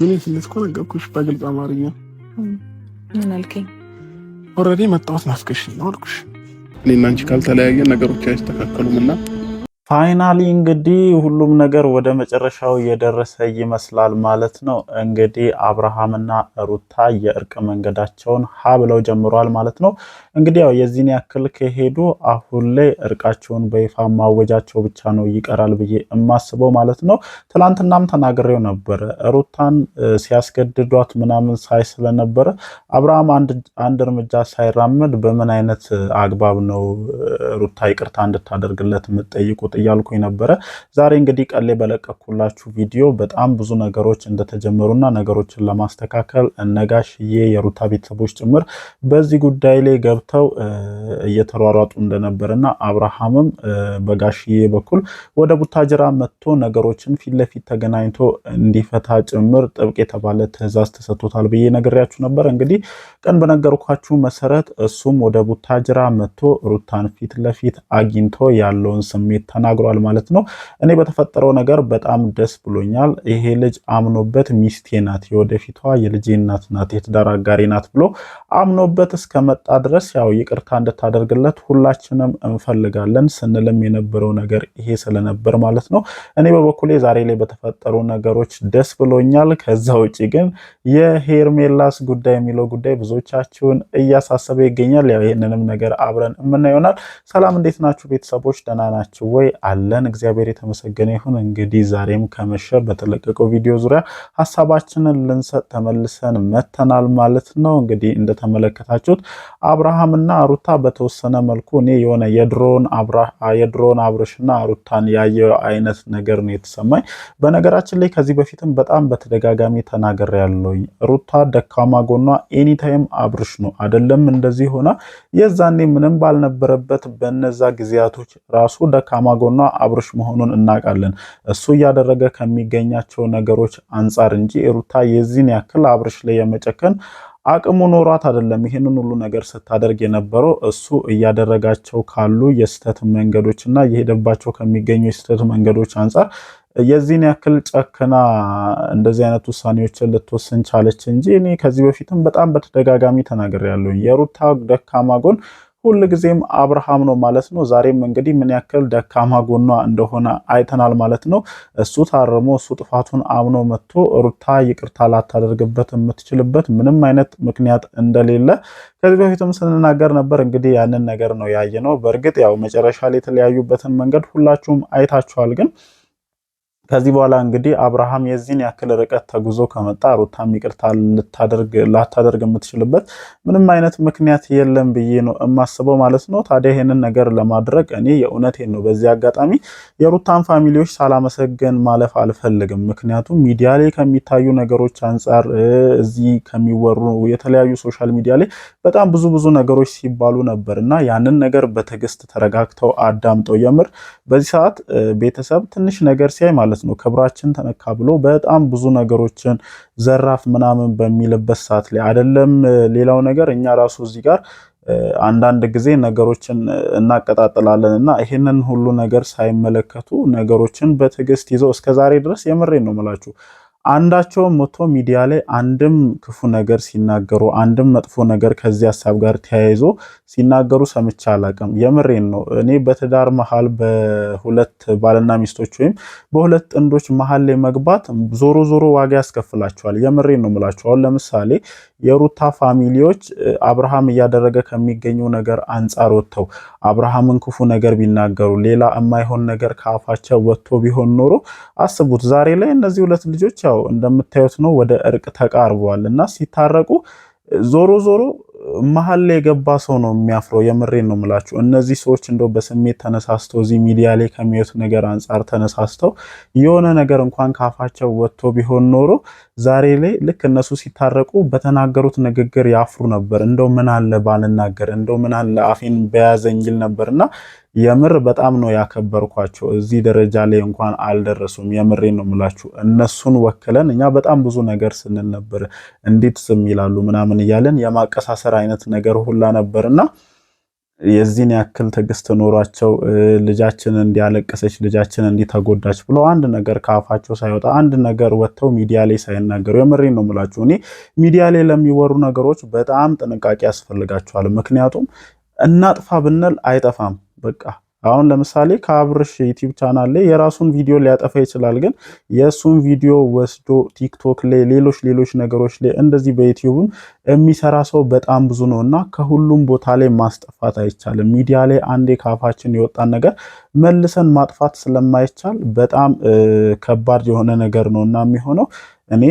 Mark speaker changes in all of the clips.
Speaker 1: ምን ስልክ እኮ ነገርኩሽ በግልጽ አማርኛ። ምን አልከኝ? ኦልሬዲ መጣሁት ናፍቀሽኝ ነው አልኩሽ።
Speaker 2: እኔ እና አንቺ ካልተለያየን ነገሮች አይስተካከሉም እና
Speaker 3: ፋይናሊ እንግዲህ ሁሉም ነገር ወደ መጨረሻው የደረሰ ይመስላል ማለት ነው። እንግዲህ አብርሃምና ሩታ የእርቅ መንገዳቸውን ሀ ብለው ጀምረዋል ማለት ነው። እንግዲህ ያው የዚህን ያክል ከሄዱ አሁን ላይ እርቃቸውን በይፋ ማወጃቸው ብቻ ነው ይቀራል ብዬ የማስበው ማለት ነው። ትናንትናም ተናግሬው ነበረ። ሩታን ሲያስገድዷት ምናምን ሳይ ስለነበረ አብርሃም አንድ እርምጃ ሳይራመድ በምን አይነት አግባብ ነው ሩታ ይቅርታ እንድታደርግለት የምጠይቁት እያልኩኝ ነበረ። ዛሬ እንግዲህ ቀሌ በለቀኩላችሁ ቪዲዮ በጣም ብዙ ነገሮች እንደተጀመሩና ነገሮችን ለማስተካከል እነጋሽዬ የሩታ ቤተሰቦች ጭምር በዚህ ጉዳይ ላይ ገብተው እየተሯሯጡ እንደነበረና አብርሃምም በጋሽዬ በኩል ወደ ቡታጅራ መጥቶ ነገሮችን ፊት ለፊት ተገናኝቶ እንዲፈታ ጭምር ጥብቅ የተባለ ትዕዛዝ ተሰጥቶታል ብዬ ነግሬያችሁ ነበር። እንግዲህ ቀን በነገርኳችሁ መሰረት እሱም ወደ ቡታጅራ መጥቶ ሩታን ፊት ለፊት አግኝቶ ያለውን ስሜት ተናግሯል ማለት ነው። እኔ በተፈጠረው ነገር በጣም ደስ ብሎኛል። ይሄ ልጅ አምኖበት ሚስቴ ናት፣ የወደፊቷ የልጄ እናት ናት፣ የትዳር አጋሪ ናት ብሎ አምኖበት እስከመጣ ድረስ ያው ይቅርታ እንድታደርግለት ሁላችንም እንፈልጋለን ስንልም የነበረው ነገር ይሄ ስለነበር ማለት ነው። እኔ በበኩሌ ዛሬ ላይ በተፈጠሩ ነገሮች ደስ ብሎኛል። ከዛ ውጭ ግን የሄርሜላስ ጉዳይ የሚለው ጉዳይ ብዙዎቻችሁን እያሳሰበ ይገኛል። ያው ይህንንም ነገር አብረን የምናየው ይሆናል። ሰላም፣ እንዴት ናችሁ ቤተሰቦች? ደህና ናችሁ ወይ? አለን። እግዚአብሔር የተመሰገነ ይሁን። እንግዲህ ዛሬም ከመሸ በተለቀቀው ቪዲዮ ዙሪያ ሀሳባችንን ልንሰጥ ተመልሰን መተናል ማለት ነው። እንግዲህ እንደተመለከታችሁት አብርሃምና ሩታ በተወሰነ መልኩ እኔ የሆነ የድሮን አብርሽና ሩታን ያየ አይነት ነገር ነው የተሰማኝ። በነገራችን ላይ ከዚህ በፊትም በጣም በተደጋጋሚ ተናገር ያለውኝ ሩታ ደካማ ጎኗ ኤኒታይም አብርሽ ነው አደለም? እንደዚህ ሆና የዛኔ ምንም ባልነበረበት በነዛ ጊዜያቶች ራሱ ደካማ ፍላጎና አብርሽ መሆኑን እናውቃለን። እሱ እያደረገ ከሚገኛቸው ነገሮች አንጻር እንጂ ሩታ የዚህን ያክል አብርሽ ላይ የመጨከን አቅሙ ኖሯት አይደለም። ይህንን ሁሉ ነገር ስታደርግ የነበረው እሱ እያደረጋቸው ካሉ የስህተት መንገዶች እና እየሄደባቸው ከሚገኙ የስህተት መንገዶች አንጻር የዚህን ያክል ጨክና እንደዚህ አይነት ውሳኔዎችን ልትወስን ቻለች እንጂ እኔ ከዚህ በፊትም በጣም በተደጋጋሚ ተናግሬያለሁ። የሩታ ደካማ ጎን ሁል ጊዜም አብርሃም ነው ማለት ነው። ዛሬም እንግዲህ ምን ያክል ደካማ ጎኗ እንደሆነ አይተናል ማለት ነው። እሱ ታርሞ እሱ ጥፋቱን አምኖ መጥቶ ሩታ ይቅርታ ላታደርግበት የምትችልበት ምንም አይነት ምክንያት እንደሌለ ከዚህ በፊትም ስንናገር ነበር። እንግዲህ ያንን ነገር ነው ያየ ነው። በእርግጥ ያው መጨረሻ ላይ የተለያዩበትን መንገድ ሁላችሁም አይታችኋል ግን ከዚህ በኋላ እንግዲህ አብርሃም የዚህን ያክል ርቀት ተጉዞ ከመጣ ሩታም ይቅርታ ላታደርግ የምትችልበት ምንም አይነት ምክንያት የለም ብዬ ነው የማስበው ማለት ነው። ታዲያ ይሄንን ነገር ለማድረግ እኔ የእውነቴን ነው በዚህ አጋጣሚ የሩታን ፋሚሊዎች ሳላመሰገን ማለፍ አልፈልግም። ምክንያቱም ሚዲያ ላይ ከሚታዩ ነገሮች አንጻር እዚህ ከሚወሩ የተለያዩ ሶሻል ሚዲያ ላይ በጣም ብዙ ብዙ ነገሮች ሲባሉ ነበር እና ያንን ነገር በትዕግስት ተረጋግተው አዳምጠው የምር በዚህ ሰዓት ቤተሰብ ትንሽ ነገር ሲያይ ማለት ማለት ነው ክብራችን ተነካ ብሎ በጣም ብዙ ነገሮችን ዘራፍ ምናምን በሚልበት ሰዓት ላይ አይደለም። ሌላው ነገር እኛ ራሱ እዚህ ጋር አንዳንድ ጊዜ ነገሮችን እናቀጣጥላለን እና ይህንን ሁሉ ነገር ሳይመለከቱ ነገሮችን በትዕግስት ይዘው እስከዛሬ ድረስ የምሬ ነው የምላችሁ አንዳቸውም ሞቶ ሚዲያ ላይ አንድም ክፉ ነገር ሲናገሩ አንድም መጥፎ ነገር ከዚህ ሀሳብ ጋር ተያይዞ ሲናገሩ ሰምቼ አላውቅም። የምሬን ነው። እኔ በትዳር መሀል በሁለት ባልና ሚስቶች ወይም በሁለት ጥንዶች መሀል ላይ መግባት ዞሮ ዞሮ ዋጋ ያስከፍላቸዋል። የምሬን ነው ምላቸው። አሁን ለምሳሌ የሩታ ፋሚሊዎች አብርሃም እያደረገ ከሚገኘው ነገር አንጻር ወጥተው አብርሃምን ክፉ ነገር ቢናገሩ ሌላ የማይሆን ነገር ከአፋቸው ወጥቶ ቢሆን ኖሮ አስቡት ዛሬ ላይ እነዚህ ሁለት ልጆች ያው እንደምታዩት ነው ወደ እርቅ ተቃርቧል እና ሲታረቁ ዞሮ ዞሮ መሀል ላይ የገባ ሰው ነው የሚያፍረው። የምሬን ነው የምላችሁ። እነዚህ ሰዎች እንደው በስሜት ተነሳስተው እዚህ ሚዲያ ላይ ከሚያዩት ነገር አንጻር ተነሳስተው የሆነ ነገር እንኳን ካፋቸው ወጥቶ ቢሆን ኖሮ ዛሬ ላይ ልክ እነሱ ሲታረቁ በተናገሩት ንግግር ያፍሩ ነበር። እንደው ምን አለ ባልናገር፣ እንደው ምን አለ አፌን በያዘኝ ይል ነበርና የምር በጣም ነው ያከበርኳቸው። እዚህ ደረጃ ላይ እንኳን አልደረሱም። የምሬን ነው የምላችሁ። እነሱን ወክለን እኛ በጣም ብዙ ነገር ስንል ነበር። እንዴት ስም ይላሉ ምናምን እያለን የማቀሳሰር አይነት ነገር ሁላ ነበርና የዚህን ያክል ትዕግስት ኖሯቸው ልጃችን እንዲያለቀሰች ልጃችን እንዲተጎዳች ብሎ አንድ ነገር ከአፋቸው ሳይወጣ አንድ ነገር ወጥተው ሚዲያ ላይ ሳይናገሩ የምሬ ነው የምላችሁ። እኔ ሚዲያ ላይ ለሚወሩ ነገሮች በጣም ጥንቃቄ ያስፈልጋቸዋል። ምክንያቱም እናጥፋ ብንል አይጠፋም በቃ አሁን ለምሳሌ ከአብርሽ ዩቲዩብ ቻናል ላይ የራሱን ቪዲዮ ሊያጠፋ ይችላል። ግን የእሱን ቪዲዮ ወስዶ ቲክቶክ ላይ፣ ሌሎች ሌሎች ነገሮች ላይ እንደዚህ በዩቲዩብም የሚሰራ ሰው በጣም ብዙ ነው እና ከሁሉም ቦታ ላይ ማስጠፋት አይቻልም። ሚዲያ ላይ አንዴ ካፋችን የወጣን ነገር መልሰን ማጥፋት ስለማይቻል በጣም ከባድ የሆነ ነገር ነው እና የሚሆነው እኔ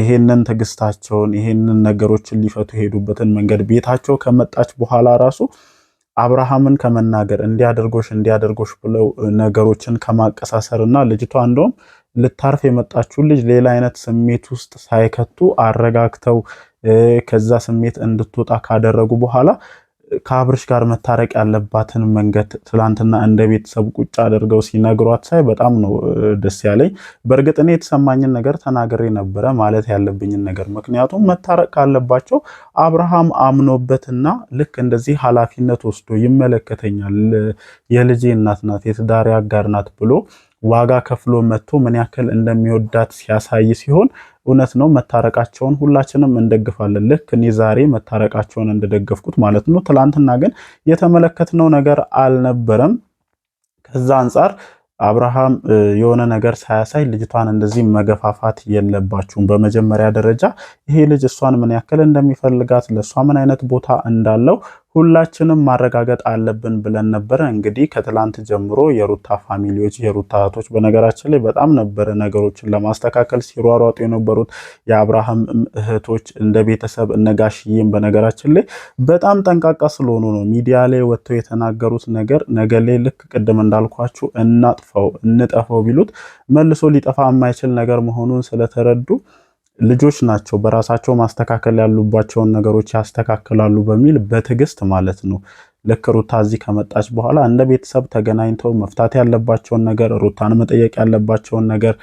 Speaker 3: ይሄንን ትዕግስታቸውን ይሄንን ነገሮችን ሊፈቱ የሄዱበትን መንገድ ቤታቸው ከመጣች በኋላ ራሱ አብርሃምን ከመናገር እንዲያደርጎሽ እንዲያደርጎሽ ብለው ነገሮችን ከማቀሳሰር እና ልጅቷ እንደውም ልታርፍ የመጣችውን ልጅ ሌላ አይነት ስሜት ውስጥ ሳይከቱ አረጋግተው ከዛ ስሜት እንድትወጣ ካደረጉ በኋላ ከአብርሽ ጋር መታረቅ ያለባትን መንገድ ትላንትና እንደ ቤተሰብ ቁጭ አድርገው ሲነግሯት ሳይ በጣም ነው ደስ ያለኝ። በእርግጥ እኔ የተሰማኝን ነገር ተናግሬ ነበረ ማለት ያለብኝን ነገር። ምክንያቱም መታረቅ ካለባቸው አብርሃም አምኖበትና ልክ እንደዚህ ኃላፊነት ወስዶ ይመለከተኛል፣ የልጄ እናት ናት፣ የትዳሬ አጋር ናት ብሎ ዋጋ ከፍሎ መጥቶ ምን ያክል እንደሚወዳት ሲያሳይ ሲሆን እውነት ነው መታረቃቸውን ሁላችንም እንደግፋለን። ልክ እኔ ዛሬ መታረቃቸውን እንደደገፍኩት ማለት ነው። ትላንትና ግን የተመለከትነው ነገር አልነበረም። ከዛ አንጻር አብርሃም የሆነ ነገር ሳያሳይ ልጅቷን እንደዚህ መገፋፋት የለባችሁም። በመጀመሪያ ደረጃ ይሄ ልጅ እሷን ምን ያክል እንደሚፈልጋት ለእሷ ምን አይነት ቦታ እንዳለው ሁላችንም ማረጋገጥ አለብን ብለን ነበረ። እንግዲህ ከትላንት ጀምሮ የሩታ ፋሚሊዎች የሩታ እህቶች በነገራችን ላይ በጣም ነበረ ነገሮችን ለማስተካከል ሲሯሯጡ የነበሩት የአብርሃም እህቶች እንደ ቤተሰብ እነ በነገራችን ላይ በጣም ጠንቃቃ ስለሆኑ ነው ሚዲያ ላይ ወጥተው የተናገሩት ነገር ነገ ላይ ልክ ቅድም እንዳልኳችሁ እናጥፈው እንጠፈው ቢሉት መልሶ ሊጠፋ የማይችል ነገር መሆኑን ስለተረዱ ልጆች ናቸው፣ በራሳቸው ማስተካከል ያሉባቸውን ነገሮች ያስተካክላሉ በሚል በትዕግስት ማለት ነው። ልክ ሩታ እዚህ ከመጣች በኋላ እንደ ቤተሰብ ተገናኝተው መፍታት ያለባቸውን ነገር፣ ሩታን መጠየቅ ያለባቸውን ነገር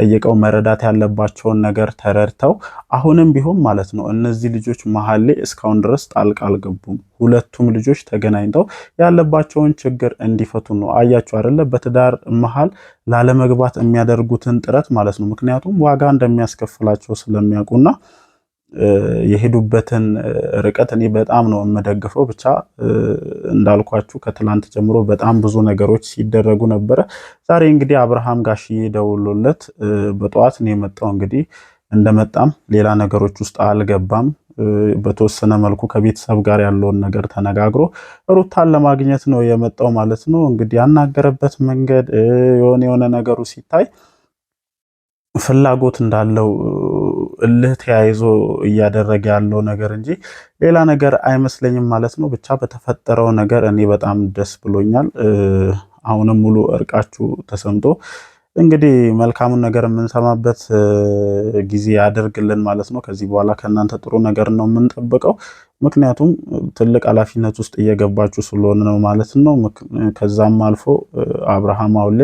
Speaker 3: ጠይቀው መረዳት ያለባቸውን ነገር ተረድተው አሁንም ቢሆን ማለት ነው እነዚህ ልጆች መሀል ላይ እስካሁን ድረስ ጣልቃ አልገቡም። ሁለቱም ልጆች ተገናኝተው ያለባቸውን ችግር እንዲፈቱ ነው። አያቸው አይደለ? በትዳር መሀል ላለመግባት የሚያደርጉትን ጥረት ማለት ነው። ምክንያቱም ዋጋ እንደሚያስከፍላቸው ስለሚያውቁና የሄዱበትን ርቀት እኔ በጣም ነው የምደግፈው። ብቻ እንዳልኳችሁ ከትላንት ጀምሮ በጣም ብዙ ነገሮች ሲደረጉ ነበረ። ዛሬ እንግዲህ አብርሃም ጋሽዬ ደውሎለት በጠዋት ነው የመጣው። እንግዲህ እንደመጣም ሌላ ነገሮች ውስጥ አልገባም። በተወሰነ መልኩ ከቤተሰብ ጋር ያለውን ነገር ተነጋግሮ ሩታን ለማግኘት ነው የመጣው ማለት ነው። እንግዲህ ያናገረበት መንገድ የሆነ የሆነ ነገሩ ሲታይ ፍላጎት እንዳለው እልህ ተያይዞ እያደረገ ያለው ነገር እንጂ ሌላ ነገር አይመስለኝም ማለት ነው። ብቻ በተፈጠረው ነገር እኔ በጣም ደስ ብሎኛል። አሁንም ሙሉ እርቃችሁ ተሰምቶ እንግዲህ መልካሙን ነገር የምንሰማበት ጊዜ ያደርግልን ማለት ነው። ከዚህ በኋላ ከእናንተ ጥሩ ነገር ነው የምንጠብቀው። ምክንያቱም ትልቅ ኃላፊነት ውስጥ እየገባችሁ ስለሆነ ነው ማለት ነው። ከዛም አልፎ አብርሃም አውሌ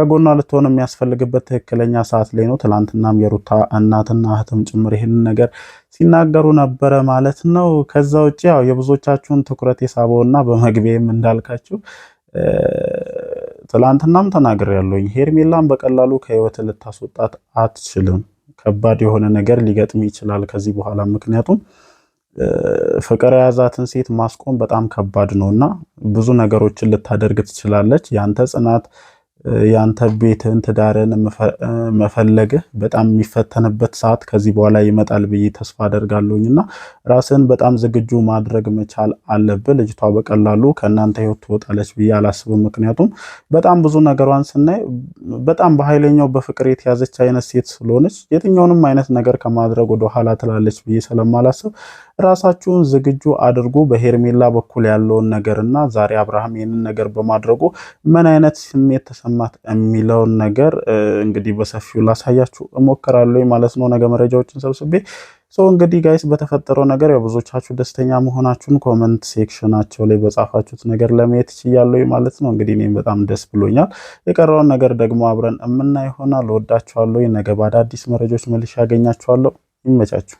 Speaker 3: ከጎኗ ልትሆን የሚያስፈልግበት ትክክለኛ ሰዓት ላይ ነው። ትላንትናም የሩታ እናትና እህትም ጭምር ይህንን ነገር ሲናገሩ ነበረ ማለት ነው። ከዛ ውጭ ያው የብዙዎቻችሁን ትኩረት የሳበውና በመግቢያም እንዳልካችሁ ትላንትናም ተናግር ያለኝ ሄርሜላን በቀላሉ ከህይወት ልታስወጣት አትችልም። ከባድ የሆነ ነገር ሊገጥም ይችላል ከዚህ በኋላ ምክንያቱም ፍቅር የያዛትን ሴት ማስቆም በጣም ከባድ ነው እና ብዙ ነገሮችን ልታደርግ ትችላለች። ያንተ ጽናት ያንተ ቤትን ትዳርን መፈለግህ በጣም የሚፈተንበት ሰዓት ከዚህ በኋላ ይመጣል ብዬ ተስፋ አደርጋለሁኝ እና በጣም ዝግጁ ማድረግ መቻል አለብህ። ልጅቷ በቀላሉ ከእናንተ ህይወት ትወጣለች ብዬ አላስብም። ምክንያቱም በጣም ብዙ ነገሯን ስናይ በጣም በኃይለኛው በፍቅር የተያዘች አይነት ሴት ስለሆነች የትኛውንም አይነት ነገር ከማድረግ ወደ ኋላ ትላለች ብዬ ስለማላስብ ራሳችሁን ዝግጁ አድርጉ። በሄርሜላ በኩል ያለውን ነገር እና ዛሬ አብርሃም ይህንን ነገር በማድረጉ ምን አይነት ስሜት ማሰማት የሚለውን ነገር እንግዲህ በሰፊው ላሳያችሁ እሞክራለሁ ማለት ነው። ነገ መረጃዎችን ሰብስቤ ሶ እንግዲህ ጋይስ በተፈጠረው ነገር ያው ብዙዎቻችሁ ደስተኛ መሆናችሁን ኮመንት ሴክሽናቸው ላይ በጻፋችሁት ነገር ለማየት ችያለሁ ማለት ነው። እንግዲህ እኔም በጣም ደስ ብሎኛል። የቀረውን ነገር ደግሞ አብረን እምና ይሆናል። ወዳችኋለሁ። ነገ በአዳዲስ መረጃዎች መልሼ ያገኛችኋለሁ። ይመቻችሁ።